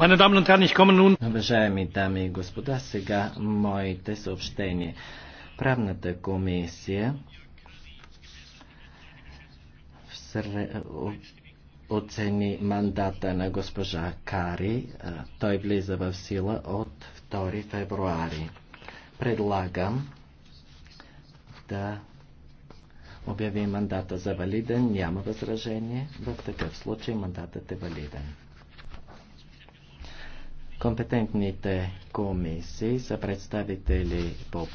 Уважаеми дами и господа, сега моите съобщения. Правната комисия оцени мандата на госпожа Кари. Той влиза в сила от 2 февруари. Предлагам да обяви мандата за валиден. Няма възражение. В такъв случай мандатът е валиден. Компетентните комисии са представители по